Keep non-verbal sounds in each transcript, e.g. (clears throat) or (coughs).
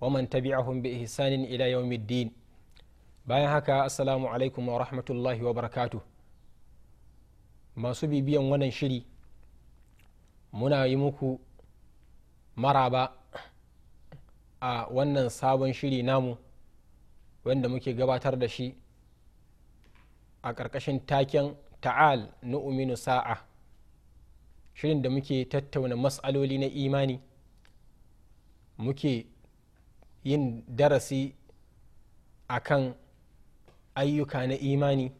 waman tabi'ahum bi ihsanin ila yawmiddin bayan haka assalamu alaikum wa rahmatullahi wa barakatuh masu bibiyan wannan shiri muna yi muku maraba a wannan sabon shiri namu wanda muke gabatar da shi a ƙarƙashin taken ta'al nu'uminu sa'a shirin da muke tattauna matsaloli na imani muke yin darasi a kan ayyuka na imani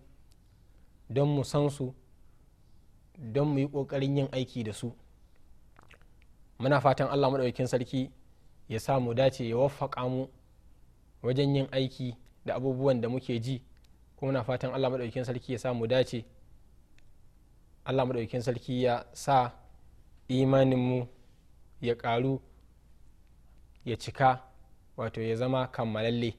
don mu san su don mu yi ƙoƙarin yin aiki da su muna fatan allah maɗaukin sarki ya sa mu dace ya waffaƙa mu wajen yin aiki da abubuwan da muke ji kuma muna fatan allah maɗaukin sarki ya sa mu dace allah maɗaukin sarki ya sa imaninmu ya ƙaru ya cika wato ya zama kammalalle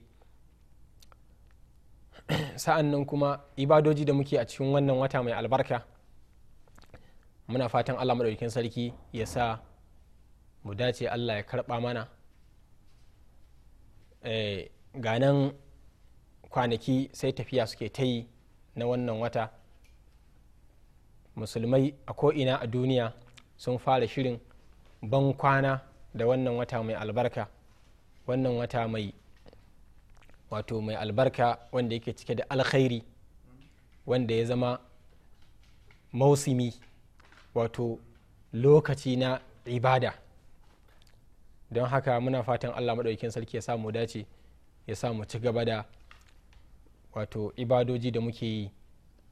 (clears throat) sa'an nan kuma ibadoji da muke a cikin wannan wata mai albarka muna fatan allah maɗaukin sarki ya sa mu dace allah ya karɓa mana eh, ganan kwanaki sai tafiya suke ta yi na wannan wata musulmai a ko'ina a duniya sun fara shirin ban kwana da wannan wata mai albarka wannan wata mai wato mai albarka wanda yake cike da alkhairi wanda ya zama mausimi wato lokaci na ibada don haka muna fatan allah maɗaukin sarki ya samu dace ya samu ci gaba da wato ibadoji da muke yi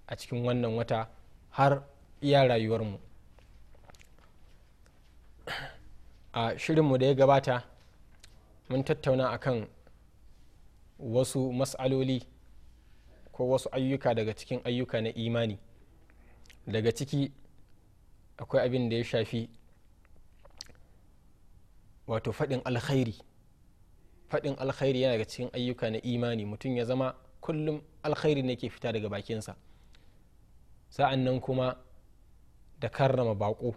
a cikin wannan wata har iya rayuwarmu a shirinmu da ya gabata mun tattauna akan wasu mas'aloli ko wasu ayyuka daga cikin ayyuka na imani daga ciki akwai abin da ya shafi wato faɗin alkhairi faɗin alkhairi yana daga cikin ayyuka na imani mutum ya zama kullum alkhairi ne ke fita daga bakinsa sa'an nan kuma da karrama baƙo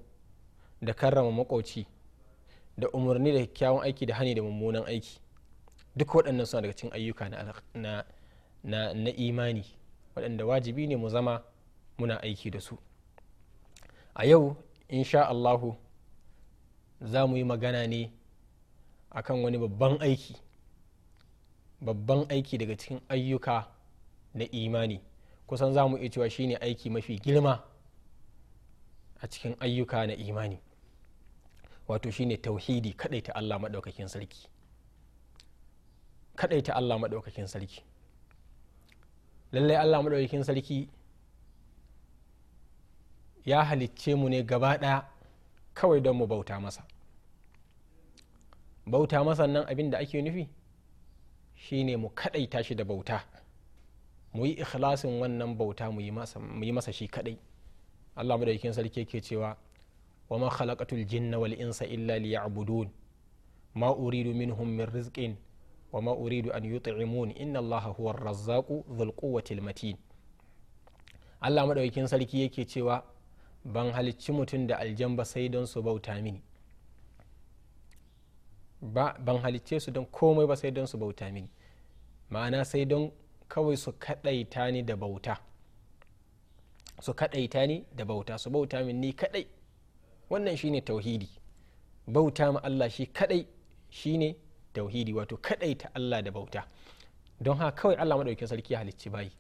da karrama makwauci da umarni da kyakkyawan aiki da hani da mummunan aiki duk waɗannan suna daga cikin ayyuka na, imani waɗanda wajibi ne mu zama muna aiki da su a yau sha allahu za mu yi magana ne akan wani babban aiki babban aiki daga cikin ayyuka na imani kusan za mu iya cewa shine aiki mafi girma a cikin ayyuka na imani wato shine tauhidi kadaita Allah maɗaukakin sarki kadaita Allah maɗaukakin sarki lallai Allah maɗaukakin sarki ya halicce mu ne gaba ɗaya kawai don mu bauta masa bauta masa nan abin da ake nufi shine mu kadaita shi da bauta mu yi ikhlasin wannan bauta mu yi masa shi kadai Allah maɗaukakin sarki yake cewa wa ma khalaqatul jinna wal insa illa liya'budun ma uridu minhum min rizqin wa ma uridu an yut'imun inna allaha huwar razzaqu dhul quwwatil matin Allah madaukakin sarki yake cewa ban halicci mutum da aljan sai don su bauta mini ban halicce su don komai ba sai don su bauta mini ma'ana sai don kawai su kadaita ni da bauta su kadaita ni da bauta su bauta min ni kadai wannan shine tauhidi bauta ma Allah shi kadai shine tauhidi wato kadai ta Allah da bauta don haka kawai Allah madaukakin sarki halicci bayi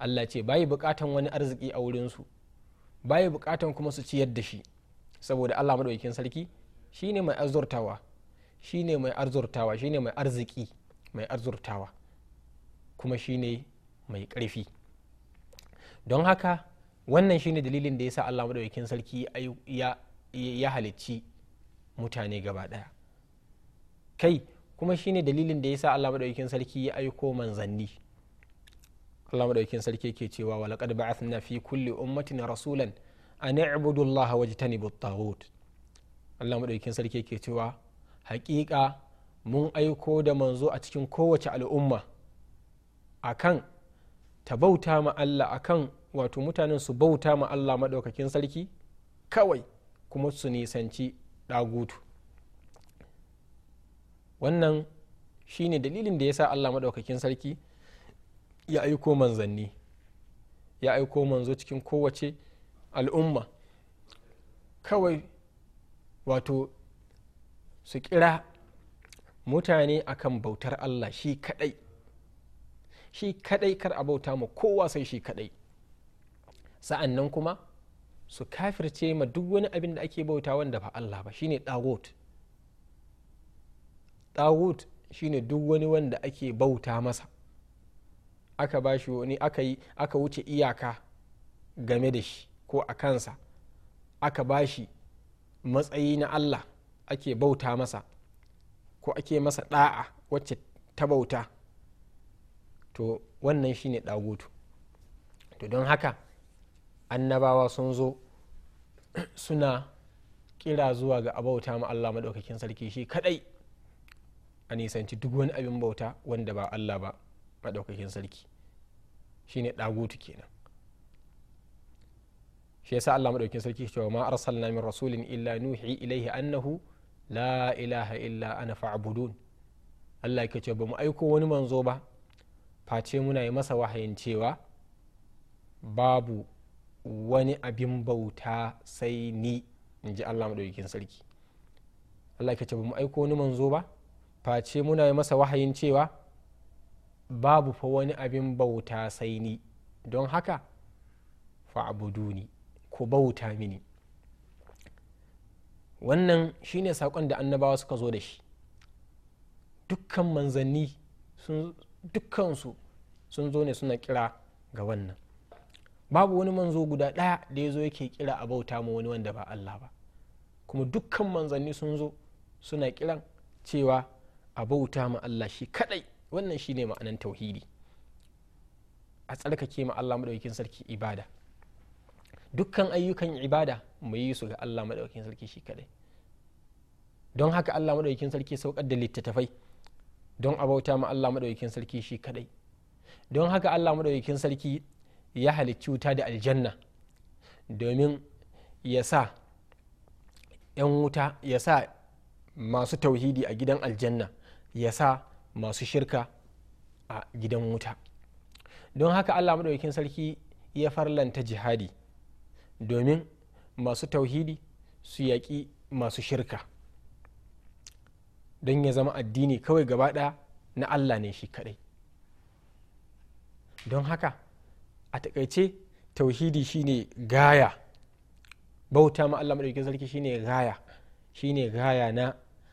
Allah ce bayi bukatan wani arziki a wurin su bayi bukatan kuma su ciyar da shi saboda Allah madaukakin sarki shine mai azurtawa shine mai arzurtawa shine mai arziki mai arzurtawa kuma shine mai karfi don haka wannan shine dalilin da yasa Allah madaukakin sarki ya ya halicci mutane gaba ɗaya kai kuma shine dalilin da ya sa Allah maɗaukin sarki ya aiko manzanni Allah maɗaukin sarki yake cewa wa laqad ba'athna fi kulli ummatin rasulan an i'budu waje wajtanibu at-taghut Allah maɗaukin sarki ke cewa haƙiƙa mun aiko da manzo a cikin kowace al'umma akan ta bauta ma Allah akan wato mutanen su bauta ma Allah maɗaukakin sarki kawai kuma su nisanci ɗagutu wannan shine dalilin da ya sa allah maɗaukakin sarki ya aiko manzanni ya aiko manzo cikin kowace al'umma kawai wato su kira mutane akan bautar allah shi kadai shi kadai kar a bauta ma kowa sai shi kadai sa'an nan kuma su kafirce ma duk wani abin da ake bauta wanda ba Allah ba shine ɗagut ɗagut shine duk wani wanda ake bauta masa aka ba shi wani aka yi aka wuce iyaka game da shi ko a kansa aka ba shi matsayi na Allah ake bauta masa ko ake masa ɗa'a wacce ta bauta to wannan shine ɗagutu to don haka annabawa sun zo (clears throat) suna kira zuwa ga abauta ma Allah maɗaukakin sarki shi kadai a nisanci duk wani abin bauta wanda ba Allah ba maɗaukakin sarki shi ne ɗagutu kenan shi yasa Allah maɗaukakin sarki cewa ma arsalna min rasulin illa nuhi ilaihi annahu la ilaha illa ana fa'budun Allah ya yake ba mu aiko wani manzo ba face muna yi masa wahayin cewa babu wani abin bauta sai ni in ji allah maɗaukakin sarki allah ke ce ba mu aiko wani manzo ba face muna yi masa wahayin cewa babu fa wani abin bauta sai ni don haka fa ni ko bauta mini wannan shine saƙon da annabawa suka zo da shi dukkan manzanni dukkansu sun zo ne suna kira ga wannan babu wani manzo guda ɗaya da ya zo yake kira a bauta ma wani wanda ba Allah ba kuma dukkan manzanni sun zo suna kiran cewa a bauta ma Allah shi kadai wannan shine ma'anan tauhidi a tsarkake ma Allah madaukakin sarki ibada dukkan ayyukan ibada mu yi su ga Allah madaukakin sarki shi kadai don haka Allah madaukakin sarki saukar da littattafai don a bauta ma Allah madaukakin sarki shi kadai don haka Allah madaukakin sarki ya halicci wuta da aljanna domin ya sa 'yan wuta ya sa masu tauhidi a gidan aljanna ya sa masu shirka a gidan wuta don haka allah maɗaukin sarki ya farlanta jihadi domin masu tauhidi su yaƙi masu shirka don ya zama addini kawai gaba ɗaya na allah ne shi kaɗai don haka a takaice tauhidi shine gaya bauta ma Allah madaukakin sarki shine gaya shine gaya na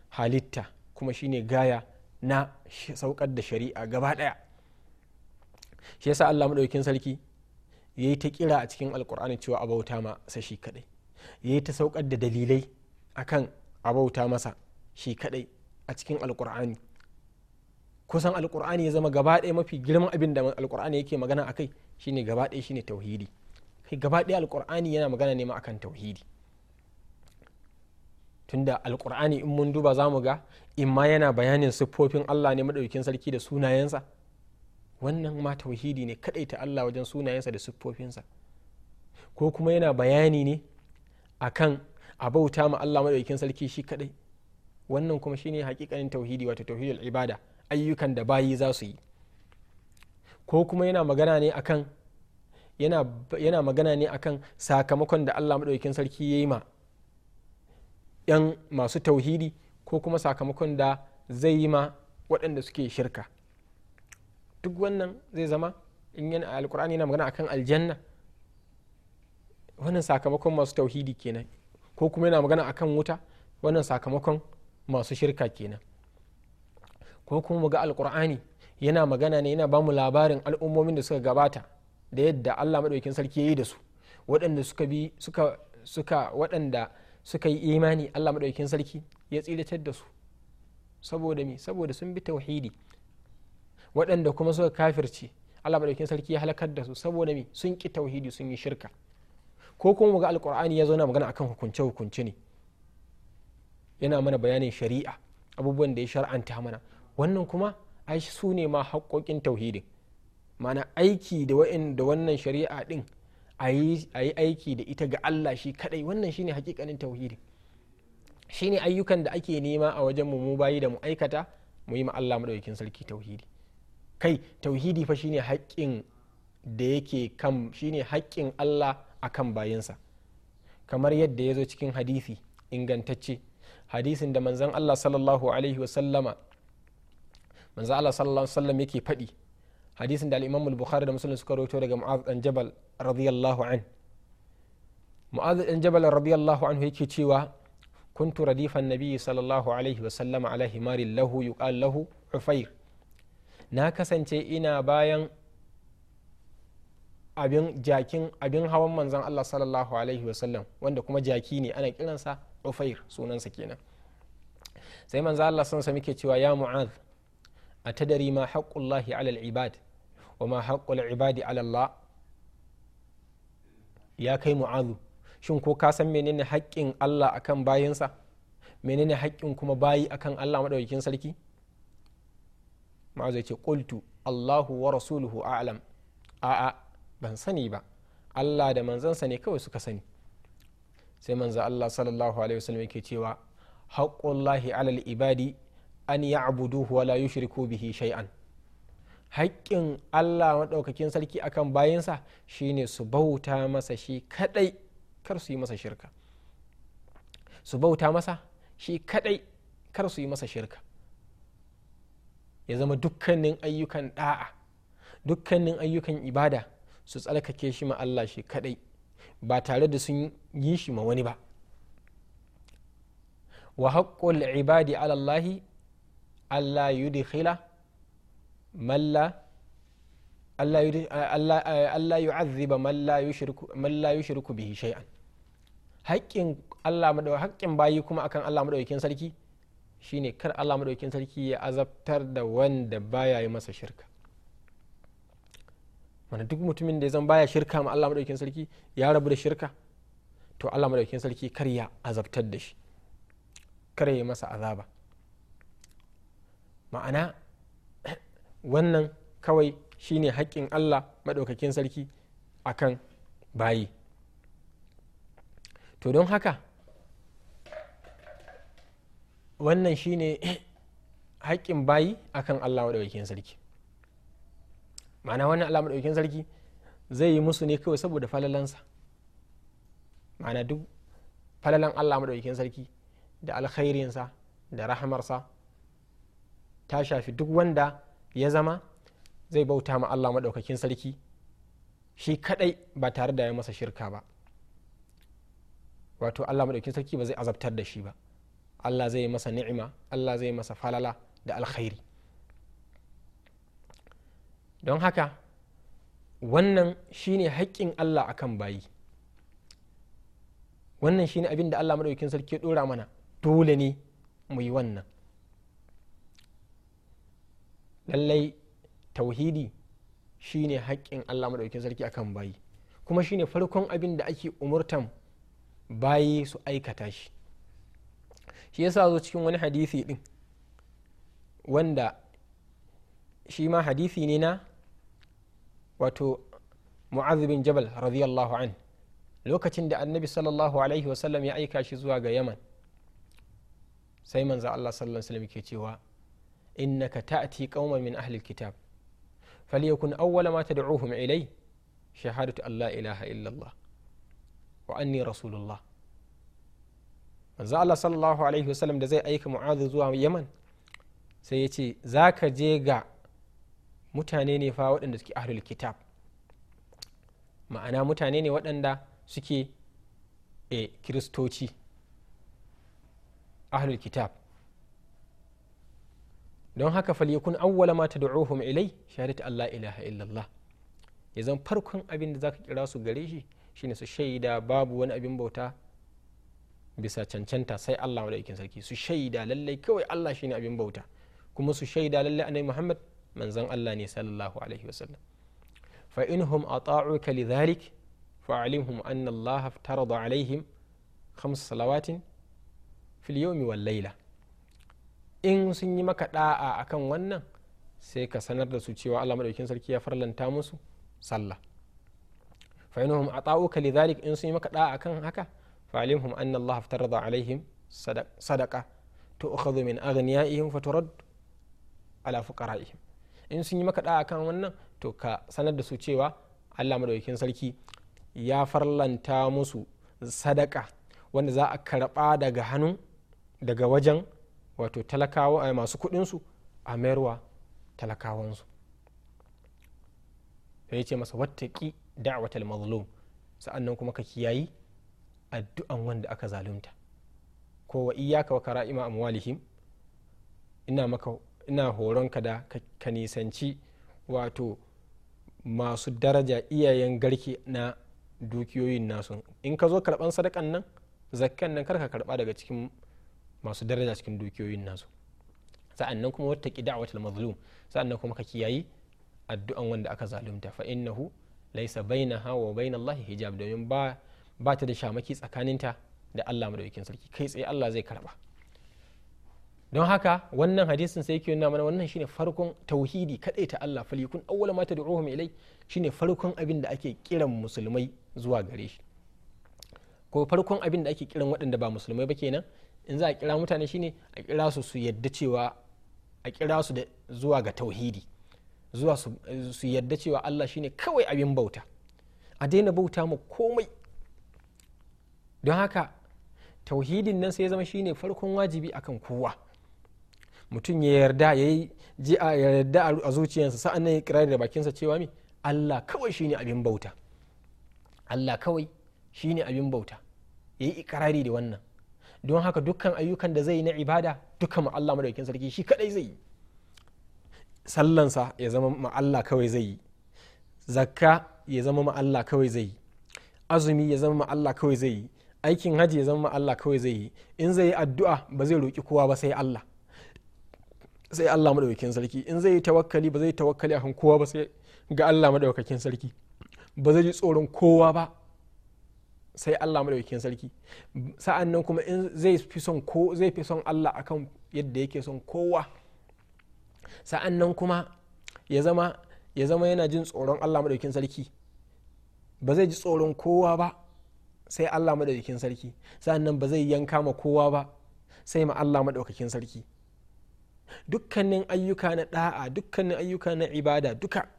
halitta kuma shine gaya na saukar da shari'a gaba ɗaya shi yasa Allah madaukakin sarki yayi ta kira a cikin alkur'ani cewa a bauta ma sa shi kadai yayi ta saukar da dalilai akan a bauta masa shi kadai a cikin alkur'ani kusan alkur'ani ya zama gaba ɗaya mafi girman abin da alkur'ani yake magana akai shine gaba ɗaya shine tauhidi kai gaba ɗaya alkur'ani yana magana ne ma akan tauhidi tunda alkur'ani in mun duba za mu ga in ma yana bayanin siffofin allah ne madaukin sarki da sunayensa wannan ma tauhidi ne ta allah wajen sunayensa da siffofinsa ko kuma yana bayani ne akan a bauta ma allah madaukin sarki shi kadai wannan kuma shine hakikanin tauhidi wato tauhidul ibada ayyukan da bayi za su yi ko kuma yana magana ne akan yana, yana magana ne akan sakamakon da allah maɗaukin sarki ya yi ma 'yan masu tauhidi ko kuma sakamakon da zai yi ma waɗanda suke shirka duk wannan zai zama in yana alkur'ani yana magana akan aljanna wannan sakamakon masu tauhidi kenan ko kuma yana magana akan wuta wannan sakamakon masu shirka kenan ko kuma mu ga alkur'ani yana magana ne yana bamu labarin al'ummomin da suka gabata da yadda allah maɗaukin sarki ya yi da su waɗanda suka bi suka suka waɗanda suka yi imani allah maɗaukin sarki ya tsilatar da su saboda mi saboda sun bi tauhidi waɗanda kuma suka kafirce allah maɗaukin sarki ya halakar da su saboda mi sun ƙi tauhidi sun yi shirka ko kuma mu ga alkur'ani ya zauna magana akan hukunce hukunce ne yana mana bayanin shari'a abubuwan da ya shar'anta mana wannan kuma ai su ne ma haƙoƙin tauhidi, mana aiki da da wannan shari'a ɗin a yi aiki da ita ga Allah shi kaɗai wannan shine hakikanin tauhidin shine ayyukan da ake nema a wajen mu bayi da mu aikata mu yi ma Allah madaukakin sarki tauhidi kai tauhidi fa shine haƙƙin da yake kan shine haƙƙin Allah akan bayinsa kamar yadda ya zo cikin hadisi ingantacce hadisin da manzon Allah sallallahu alaihi wasallama manzo Allah sallallahu alaihi wasallam yake faɗi hadisin da al-Imam al-Bukhari da Muslim suka rawaito daga Mu'adh dan Jabal radiyallahu an Mu'adh dan Jabal radiyallahu anhu yake cewa kuntu radifan nabiyyi sallallahu alaihi wasallam ala himarin lahu yuqal lahu na kasance ina bayan abin abin hawan manzon ala sallallahu alaihi wasallam wanda kuma jaki ne ana kiransa Ufair sunansa kenan sai manzo Allah sun sa muke cewa ya Mu'adh a atadari ma haqqullahi ala al wa ma haqqul ibadi ala ya kai mu'azu shin ko ka san menene haƙƙin Allah akan bayinsa menene haƙƙin kuma bayi akan Allah madaukakin sarki ma'azu ya ce qultu Allahu wa rasuluhu a'lam a'a ban sani ba Allah da manzansa ne kawai suka sani sai manza Allah sallallahu alaihi wasallam yake cewa haqqullahi alal ibadi an abudu wa la yushriku bihi shay'an haƙƙin Allah maɗaukakin sarki akan bayansa shine su bauta masa shi kadai kar su yi masa shirka su bauta masa shi kadai kar su yi masa shirka ya zama dukkanin ayyukan ɗa'a dukkanin ayyukan ibada su tsarkake shi ma Allah shi kadai ba tare da sun yi shi ma wani ba wa haƙƙul ibadi alallahi allah yudkhila malla allah yu'azziba man la yushriku bihi shay'an haƙƙin allah haƙƙin bayi kuma akan allah madaukakin sarki shine kar allah madaukakin sarki ya azabtar da wanda baya yi masa shirka mana duk mutumin da ya zan baya shirka ma allah madaukakin sarki ya rabu da shirka to allah madaukakin sarki kar ya azabtar da shi kar ya yi masa azaba ma'ana wannan kawai shine haƙƙin allah maɗaukakin sarki akan bayi to don haka wannan shine (coughs) haƙƙin bayi akan allah maɗaukakin sarki ma'ana wannan allah maɗaukakin sarki zai yi musu ne kawai saboda falalansa ma'ana duk falalan allah maɗaukakin sarki da alkhairinsa da rahamarsa ta shafi duk wanda ya zama zai bauta ma allah maɗaukakin sarki shi kaɗai ba tare da ya masa shirka ba wato allah maɗaukakin sarki ba zai azabtar da shi ba allah zai masa ni'ima allah zai masa falala da alkhairi don haka wannan shine haƙƙin allah akan bayi wannan shine abin da allah maɗaukakin sarki ya ɗora mana dole ne mu yi wannan lallai tauhidi shine haƙƙin allah maɗaukin sarki akan bayi kuma shine farkon abin da ake umurtan bayi su aikata shi shi yasa zo cikin wani hadisi din wanda shi ma hadisi ne na wato mu'adh bin jabal radiyallahu an lokacin da annabi sallallahu alaihi wasallam ya aika shi zuwa ga yaman sai manzo allah sallallahu alaihi wasallam ke cewa innaka ta'ti qauman min ahli alkitab falyakun awwala ma tad'uhum ilay shahadatu an la ilaha illa Allah wa anni rasulullah manzo Allah sallallahu alaihi wasallam da zai aika mu'adh zuwa Yaman sai ya ce zaka je ga mutane ne fa waɗanda suke ahlul kitab ma'ana mutane ne waɗanda suke e kiristoci ahlul kitab don haka falyakun awwala ma tad'uhum ilai shahadatu Allah ilaha illallah ya zan farkon abin da zaka kira su gare shi shine su shaida babu wani abin bauta bisa cancanta sai Allah madaukakin sarki su shaida lallai kawai Allah shine abin bauta kuma su shaida lallai annabi Muhammad manzon Allah ne sallallahu alaihi wasallam fa inhum ata'uka lidhalik fa'alimhum anna Allah iftarada alaihim khams salawatin fil yawmi wal layla in sun yi maka da'a kan wannan sai ka sanar da su cewa Allah madaukakin sarki ya farlanta musu sallah fa inhum ata'uka lidhalik in sun yi maka da'a kan haka fa alimhum anna Allah aftarada alaihim sadaka. To sadaqa tu'khadhu min aghniyaihim faturad ala fuqara'ihim in sun yi maka da'a kan wannan to ka sanar da su cewa Allah madaukakin sarki ya farlanta musu sadaka wanda za a karɓa daga hannu daga wajen wato talakawa a eh, masu kudinsu a mayarwa talakawansu sai ya ce masa wattaki da'watal mazlum sa'annan kuma ka kiyayi addu'an wanda aka zalunta ko wa iyaka wa kara'ima amwalihim ina horon ka da ka nisanci wato masu daraja iyayen garke na dukiyoyin nasu in ka zo karban sadakan nan zakkan nan karka karɓa daga cikin masu daraja cikin dukiyoyin nasu Sa'an nan kuma wata ki wata mazlum Sa'an nan kuma ka kiyayi addu'an wanda aka zalunta fa innahu laysa bainaha wa bainallahi hijab domin ba ba ta da shamaki tsakaninta da Allah madaukakin sarki kai tsaye Allah zai karba don haka wannan hadisin sai yake nuna mana wannan shine farkon tauhidi kadai ta Allah falikun awwal ma tad'uhum ilai shine farkon abin da ake kiran musulmai zuwa gare shi ko farkon abin da ake kiran waɗanda ba musulmai ba kenan in za a kira mutane shine a kira su su yadda cewa a kira su da zuwa ga tauhidi zuwa su yadda cewa Allah shine kawai abin bauta a daina bauta mu komai don haka tauhidin nan sai ya zama shine farkon wajibi akan kowa mutum ya yarda ya yi ji a yarda a zuciyarsa sa'an nan ya kirari da bakinsa cewa mi Allah kawai shine abin bauta Allah kawai shine abin bauta ya yi ikirari da wannan don haka dukkan ayyukan da zai yi na ibada dukkan Allah madaukakin sarki shi kadai zai yi sallansa ya zama ma Allah kawai zai yi zakka ya zama ma Allah kawai zai yi azumi ya zama ma Allah kawai zai yi aikin haji ya zama ma Allah kawai zai yi in zai yi addu'a ba zai roki kowa ba sai Allah sai Allah madaukakin sarki in zai yi tawakkali ba zai tawakkali kan kowa ba sai ga Allah madaukakin sarki ba zai ji tsoron kowa ba sai Allah madaukakin sarki sa'an nan kuma in zai fi son ko zai fi son Allah akan yadda yake son kowa sa'an nan kuma ya zama ya zama yana jin tsoron Allah madaukakin sarki ba zai ji tsoron kowa ba sai Allah madaukakin sarki sa'an nan ba zai yanka ma kowa ba sai ma Allah madaukakin sarki dukkanin ayyuka na da'a dukkanin ayyuka na ibada duka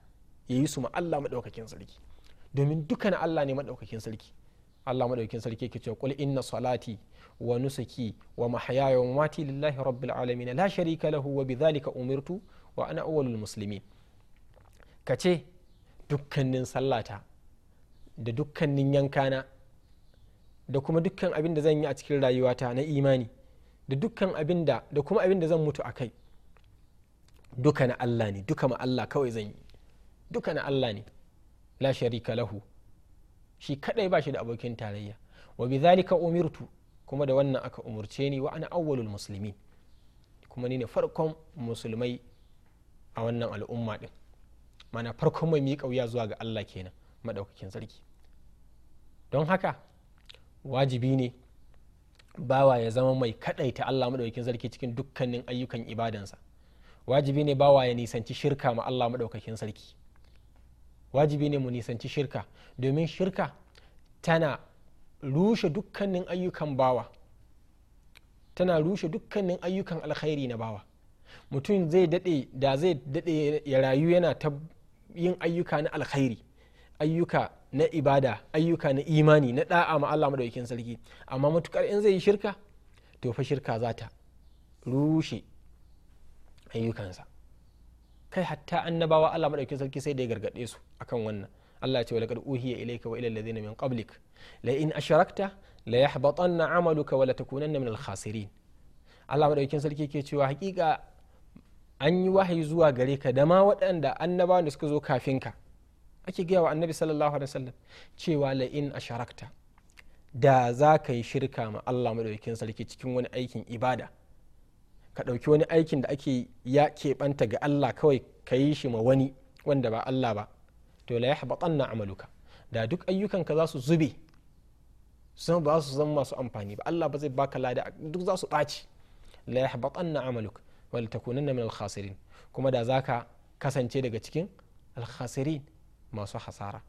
yayi su ma Allah madaukakin sarki domin duka na Allah ne maɗaukakin sarki Allah maɗaukin sarki yake cewa kul inna salati wa nusuki wa mahyaya wa mamati lillahi rabbil alamin la sharika lahu wa bidhalika umirtu wa ana awwalul muslimin kace dukkanin sallata da dukkanin yankana da kuma dukkan abin da zan yi a cikin rayuwata na imani da dukkan abin da da kuma abin da zan mutu a kai duka na Allah ne duka ma Allah kawai zan yi duka na Allah ne la sharika lahu shi kadai ba shi da abokin tarayya wa bi zalika umirtu kuma da wannan aka umurce ni wa ana awwalul muslimin kuma ni ne farkon musulmai a wannan al'umma din mana farkon mai miƙa wuya zuwa ga Allah kenan madaukakin sarki don haka wajibi ne bawa ya zama mai kadai ta Allah madaukakin sarki cikin dukkanin ayyukan ibadansa wajibi ne bawa ya nisanci shirka ma Allah madaukakin sarki wajibi ne mu nisanci shirka domin shirka tana rushe dukkanin ayyukan bawa tana rushe dukkanin ayyukan alkhairi na bawa mutum zai daɗe da zai daɗe ya rayu yana ta yin ayyuka na alkhairi ayyuka na ibada ayyuka na imani na da'a ma Allah madaukakin sarki amma matukar in zai yi shirka to fa shirka za ta rushe ayyukansa kai hatta annabawa Allah madaukakin sarki sai da ya gargade su akan wannan Allah ya ce walaqad uhiya ilayka wa ila alladhina min qablik la in ashrakta la yahbatanna amaluka wa la takunanna min al-khasirin Allah madaukakin sarki ke cewa hakika an yi wahayi zuwa gare ka da ma waɗanda annabawan da suka zo kafin ka ake gaya wa annabi sallallahu alaihi wasallam cewa la in asharakta da za ka yi shirka ma Allah madaukakin sarki cikin wani aikin ibada ka ɗauki wani aikin da ake ya keɓanta ga allah kawai ka yi shi ma wani wanda ba allah ba to la yahbatanna amaluka da duk ayyukanka za su zube sun ba su zama masu amfani ba allah ba zai baka lada duk za su ɓaci la yahbatanna amaluka wal takunanna min al kuma da za ka kasance daga cikin alkhasirin masu hasara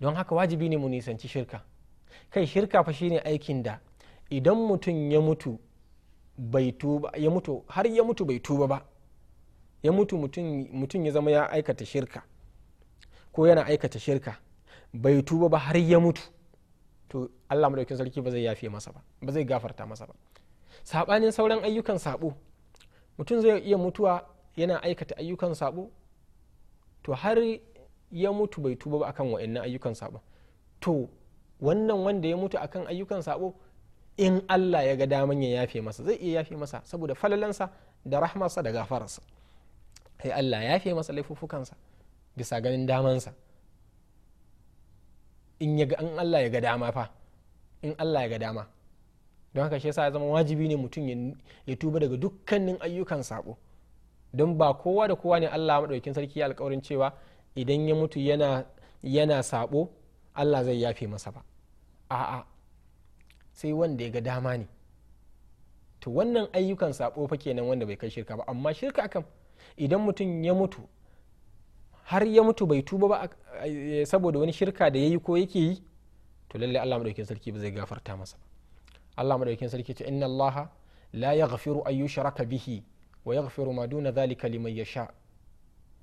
don haka wajibi ne mu nisanci shirka kai shirka fa shine aikin da idan mutum ya mutu bai tuba ya mutu har ya mutu bai tuba ba ya mutu mutum ya zama ya aikata shirka ko yana aikata shirka bai tuba ba har ya mutu to Allah madaukin sarki ba zai yafe masa ba ba zai gafarta masa ba sabanin sauran ayyukan sabo mutum zai iya mutuwa yana aikata ayyukan sabo to har ya mutu bai tuba ba akan wa'annan ayyukan sabo to wannan wanda ya mutu akan ayyukan sabo in Allah ya ga daman ya yafe masa zai iya yafe masa saboda falalansa da rahmarsa da gafararsa sai Allah ya yafe masa laifuffukansa bisa ganin damansa in ya ga an Allah ya ga dama fa in Allah ya ga dama don haka shi yasa ya zama wajibi ne mutum ya tuba daga dukkanin ayyukan sako don ba kowa da kowa ne Allah maɗaukin sarki ya alƙawarin cewa idan ya mutu yana yana sabo Allah zai yafe masa ba a'a sai wanda ya ga dama ne to wannan ayyukan sabo fa kenan wanda bai kai shirka ba amma shirka akan, idan mutum ya mutu har ya mutu bai tuba ba saboda wani shirka da yayi ko yake yi to lalle Allah madaukakin sarki ba zai gafarta masa ba Allah madaukakin sarki ce inna Allah la yaghfiru an yushraka bihi wa yaghfiru ma duna dhalika liman yasha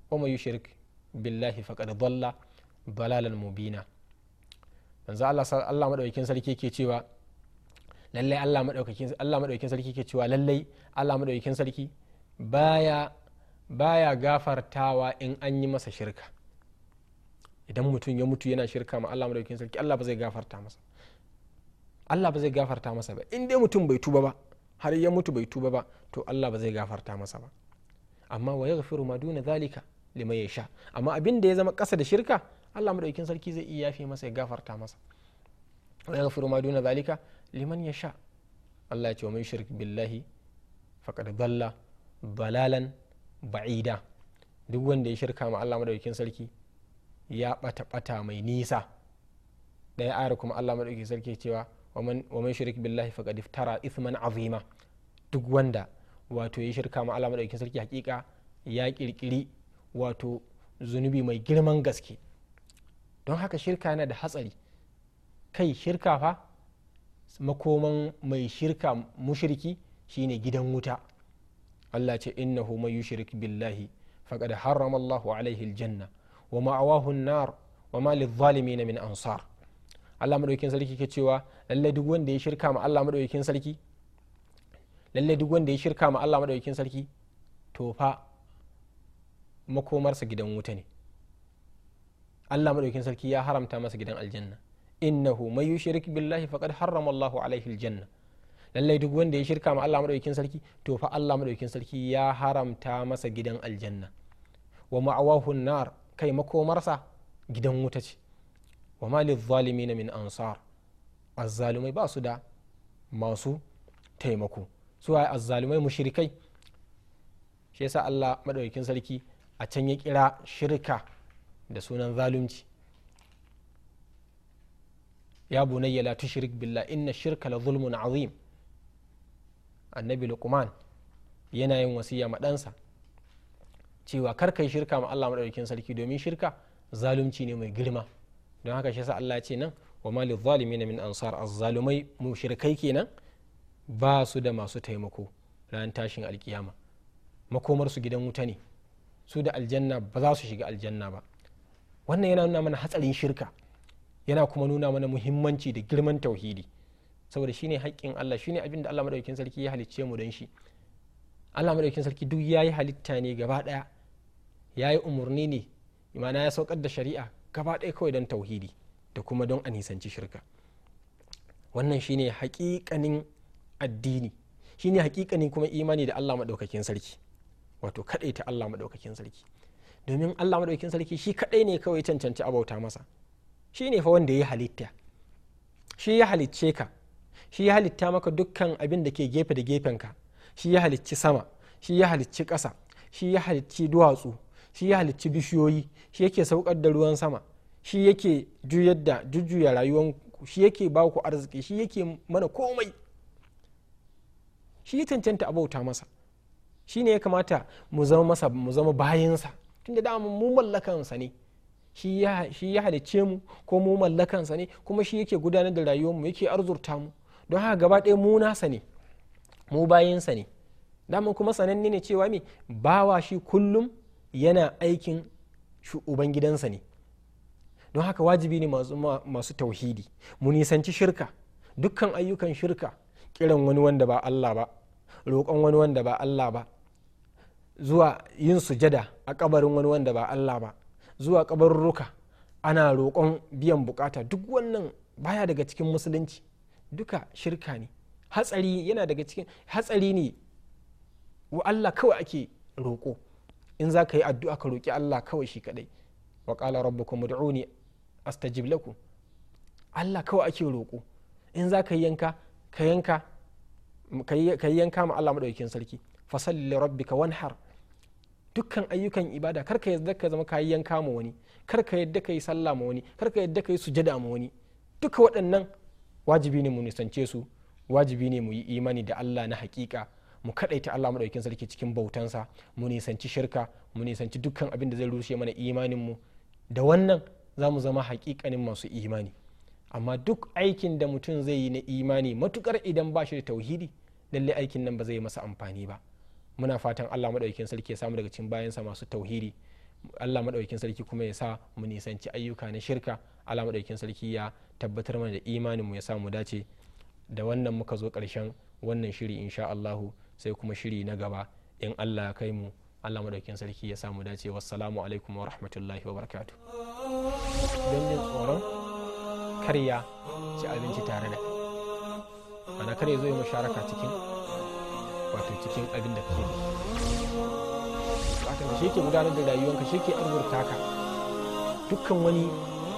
wa man yushrik billahi faqad dhalla dalalan mubina manzo Allah Allah madaukakin sarki yake cewa lallai Allah madaukakin Allah madaukakin sarki ke cewa lallai Allah madaukakin sarki baya baya gafartawa in an yi masa shirka idan mutum ya mutu yana shirka ma Allah madaukakin sarki Allah ba zai gafarta masa Allah ba zai gafarta masa ba in dai mutum bai tuba ba har ya mutu bai tuba ba to Allah ba zai gafarta masa ba amma wa yaghfiru ma duna zalika liman yasha amma abin da ya zama kasa da shirka Allah madaukakin sarki zai iya yafe masa ya gafarta masa wa yaghfiru ma duna zalika liman ya sha Allah ya ce wa mai shirk billahi faƙad balla balalan ba'ida duk wanda ya shirka ma Allah madaukakin sarki ya ɓata ɓata mai nisa ɗaya ayar kuma Allah madaukakin sarki cewa wa mai shirk billahi faƙad iftara ithman azima duk wanda wato ya shirka ma Allah madaukakin sarki hakika ya ƙirƙiri wato zunubi mai girman gaske don haka shirka yana da hatsari kai shirka fa makoman mai shirka mushriki shine gidan wuta Allah ce innahu may yushrik billahi faqad harrama Allahu alaihi aljanna wa ma'awahu nar wa ma lidh-dhalimin min ansar Allah madaukakin sarki ke cewa lalle duk wanda ya shirka ma Allah madaukakin sarki lalle duk wanda ya shirka ma Allah madaukakin sarki to fa makomarsa gidan wuta ne Allah madaukakin sarki ya haramta masa gidan aljanna innahu may yushrik billahi faqad harrama Allahu alaihi aljanna lallai duk wanda ya shirka ma Allah madaukakin sarki to fa Allah madaukakin sarki ya haramta masa gidan aljanna wa ma'awahu nar kai makomarsa gidan wuta ce wa ma lizzalimina min ansar azzalumai ba su da masu taimako su ai azzalumai mushrikai shi yasa Allah madaukakin sarki a can ya kira shirka da sunan zalunci ya bunayya la tushrik billah inna shirka la zulmun azim annabi luqman yana yin wasiya ma ɗansa cewa kar yi shirka ma Allah madaukakin sarki domin shirka zalunci ne mai girma don haka shi yasa Allah ya ce nan wa ma lizzalimina min ansar azzalumai shirkai kenan ba su da masu taimako ran tashin alkiyama makomar su gidan wuta ne su da aljanna ba za su shiga aljanna ba wannan yana nuna mana hatsarin shirka yana kuma nuna mana muhimmanci da girman tauhidi saboda shine haƙƙin Allah shine abin da Allah madaukakin sarki ya halicce mu don shi Allah madaukakin sarki duk yayi halitta ne gaba daya yayi umurni ne imana ya saukar da shari'a gaba daya kawai don tauhidi da kuma don a nisanci shirka wannan shine haƙiƙanin addini shine haƙiƙanin kuma imani da Allah madaukakin sarki wato ta Allah madaukakin sarki domin Allah madaukakin sarki shi kadai ne kawai cancanci abauta masa shi ne fa wanda ya halitta shi ya halicce ka shi ya halitta maka dukkan abin da ke gefe da gefen ka shi ya halicci sama shi ya halicci ƙasa shi ya halicci duwatsu shi ya halicci bishiyoyi shi yake saukar da ruwan sama shi yake juyar da jujjuya rayuwan shi yake ba ku arziki shi yake mana komai shi ya cancanta a masa shi ne ya kamata mu zama masa mu zama bayansa tunda dama mu mallakansa ne shi ya halicce mu ko mu mallakansa ne kuma shi yake gudanar da rayuwar mu yake arzurta mu don haka gaba ɗaya mu nasa ne mu bayansa ne daman kuma sananne ne cewa me bawa shi kullum yana aikin ubangidansa ne don haka wajibi ne masu tauhidi mu nisanci shirka dukkan ayyukan shirka kiran wani wanda ba Allah ba roƙon wani wanda ba Allah ba zuwa yin sujada a kabarin wani wanda ba Allah ba zuwa kabarurruka ana roƙon biyan bukata duk wannan baya daga cikin musulunci duka shirka ne hatsari yana daga cikin hatsari ne wa Allah kawai ake roƙo in za ka yi addu'a ka roƙi Allah kawai shi kadai wa qala rabbukum ud'uni astajib lakum Allah kawai ake roƙo in za ka yi yanka ka yanka ka yi yanka ma Allah madaukakin sarki fasalli rabbika wanhar dukkan ayyukan ibada kar ka yadda ka zama yi yanka ma wani kar ka yadda ka yi sallah ma wani kar ka yadda ka yi sujada ma wani duka waɗannan wajibi ne mu nisance su wajibi ne mu yi imani da Allah na hakika mu kadaita Allah madaukakin sarki cikin bautansa mu nisanci shirka mu nisanci dukkan abin da zai rushe mana imanin mu da wannan za mu zama hakikanin masu imani amma duk aikin da mutum zai yi na imani matukar idan ba shi da tauhidi lallai aikin nan ba zai masa amfani ba muna fatan allah maɗaukin sarki ya samu daga cikin bayansa masu tauhidi allah maɗaukin sarki kuma ya sa mu nisanci ayyuka na shirka allah maɗaukin sarki ya tabbatar mana da imanin mu ya samu dace da wannan muka zo karshen wannan shiri insha allahu sai kuma shiri na gaba in allah ya kai mu allah maɗaukin sarki ya samu dace wassalamu alaikum wa rahmatullahi wa barakatu don jin tsoron karya ci abinci tare da ana kare zo yi musharaka cikin wato cikin abin da kake wato shi ke gudanar da rayuwanka shi ke arzurta ka dukkan wani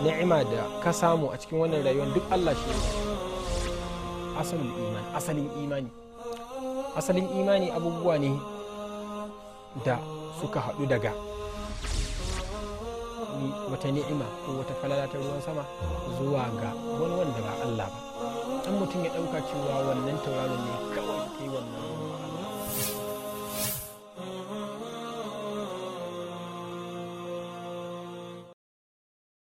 ni'ima da ka samu a cikin wannan rayuwar duk Allah shi ne asalin imani asalin imani asalin imani abubuwa ne da suka haɗu daga wata ni'ima ko wata falala ta ruwan sama zuwa ga wani wanda ba Allah ba dan mutum ya ɗauka cewa wannan tauraron ne kawai ke wannan